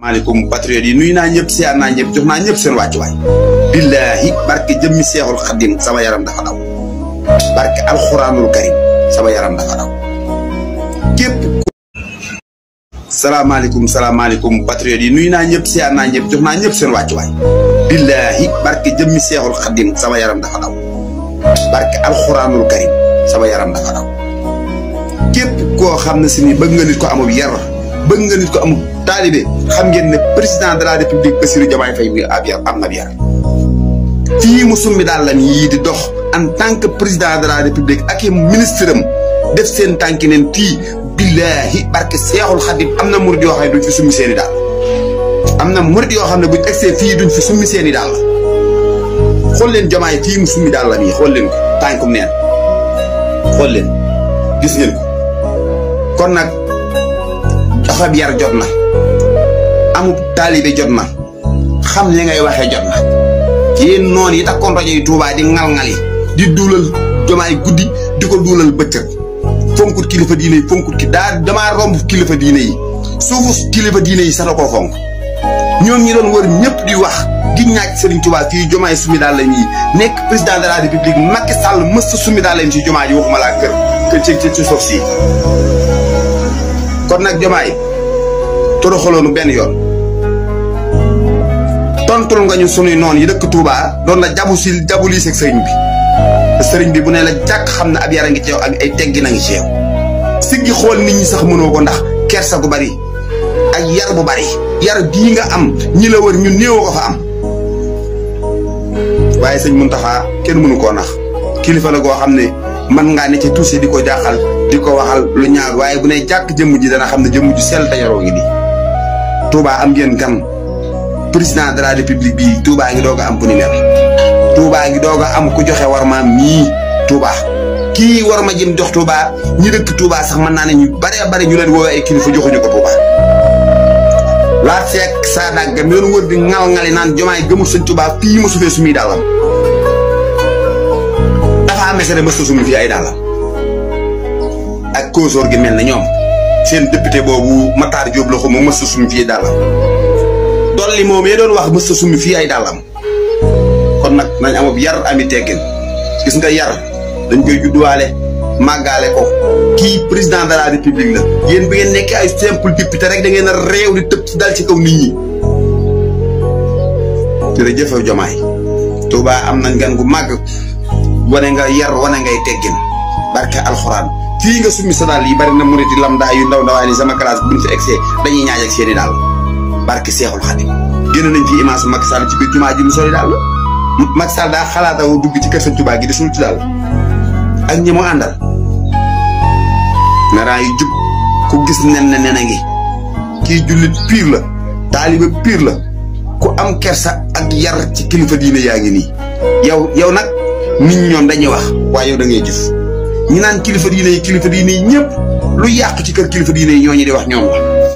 maaleykum patriote yi nuyu naa ñëpp siyaar naa ñëpp jox naa ñëpp seen wàccuwaay billaahi barke jëmmi seexul xadim sama yaram dafa daw barke alxuraanul karim sama yaram dafa daw képp salaamaaleykum salaamaaleykum patriote yi nuyu naa ñëpp siyaar naa ñëpp jox naa ñëpp seen wàccuwaay billaahi barke jëmmi seexul xadim sama yaram dafa daw barke alxuraanul karim sama yaram dafa daw képp koo xam ne si ni bëgg nga nit ko amul yar bëgg nga nit ko amub taalibe xam ngeen ne président de la république Bassirou Diomaye Faye bi ab am na yar fii mu summi daal lan yii di dox en tant que président de république ak i ministre am def seen tànki neen tii billaahi barke seexul xadim am na murid yoo xam ne duñ fi summi seen i daal am na murid yoo xam ne buñ egsee fii duñ fi summi seeni i daal xool leen Diomaye fii mu summi daal lan yi xool leen ko tànkum neen xool leen kon nag afab yar jot na amub taalibe jot na xam li ngay waxee jot na yéen noonu yi takkoon rajo yi Tuubaa di ŋal-ŋal di duulal jomaay guddi di ko duulal bëccëg fonkut kilifa diine yi fonkut ki daa damaa romb kilifa diine yi suufu kilifa diine yi sa da koo fonk ñoom ñi doon wër ñëpp di wax gi ñaaj Serigne Touba fii jomaay sumi daal lañ yi nekk président de la république Macky Sall mës sumi daal lañ ci jomaay yi waxuma laa kër kër ci ci si kon nag jomaay toroxaloonu benn yoon tontul nga ñu sunuy noon yi dëkk Touba doon na jabu si jabu lii sëriñ bi sëriñ bi bu nee la jàkk xam na ab yara ngi ci ak ay teggi na ngi ci yow siggi xool ni ñi sax mënoo ko ndax kersa gu bari ak yar bu bari yar bii nga am ñi la wër ñu néewoo ko fa am waaye sëñ Muntaxa kenn mënu ko ndax kilifa la goo xam ne man ngaa ne ca tuuse di ko jaaxal di ko waxal lu ñaaw waaye bu ne jàkk jëmm ji dana xam ne jëmm ju sell te yaroo ngi di Touba am ngeen gan président de la république bi Touba ngi doog a am bu ni mel Touba ngi doog a am ku joxe war maam mii Touba kii war ma jëm jox Touba ñi dëkk Touba sax mën naa ne ñu bare bare ñu leen woowee fu kilifa ñu ko Touba laa seek saa dàgga mi doon wër di ŋal-ŋali naan jomaay gëmul sëñ Touba fii mosu fee su muy daalam Mesere ma sosum fii ay dàllam ak Kosoor gi mel ne ñoom seen député boobu Matar Diop la xuma ma sosum fii dàllam li moom yee doon wax ma sosum fii ay daal am kon nag nañ am ab yar ami teggin gis nga yar dañ koy judduwaale màggaale ko kii président de la république la yéen bi ngeen nekk ay simple député rek da ngeen a réew di tëb ci dal ci kaw nit ñi jërëjëf Diomaye Touba am nañ gan gu màgg wane nga yar wane ngay teggin barke alxuraan fii nga summi sa daal yi bari na murit yi lamdaa yu ndaw ndawaan yi sama classe buñ fi egsee dañuy ñaaj ak seeni daal barke Seexul Xadim génn nañ ci image Macky Sall ci biir jumaa ji mu soli daal Macky Sall daa xalaatawu dugg ci kër Sëñ Tuubaa gi di suul ci daal ak ñi mu àndal naraan yu jub ku gis nen nen a ngi kii jullit piir la taaliba piir la ku am kersa ak yar ci kilifa diine yaa ngi nii yow yow nag nit ñi ñoom dañuy wax waaye yow da ngay jëf ñi naan kilifa diine kilifa diine yi ñëpp lu yàqu ci kër kilifa diine yi ñoo ñu di wax ñoom la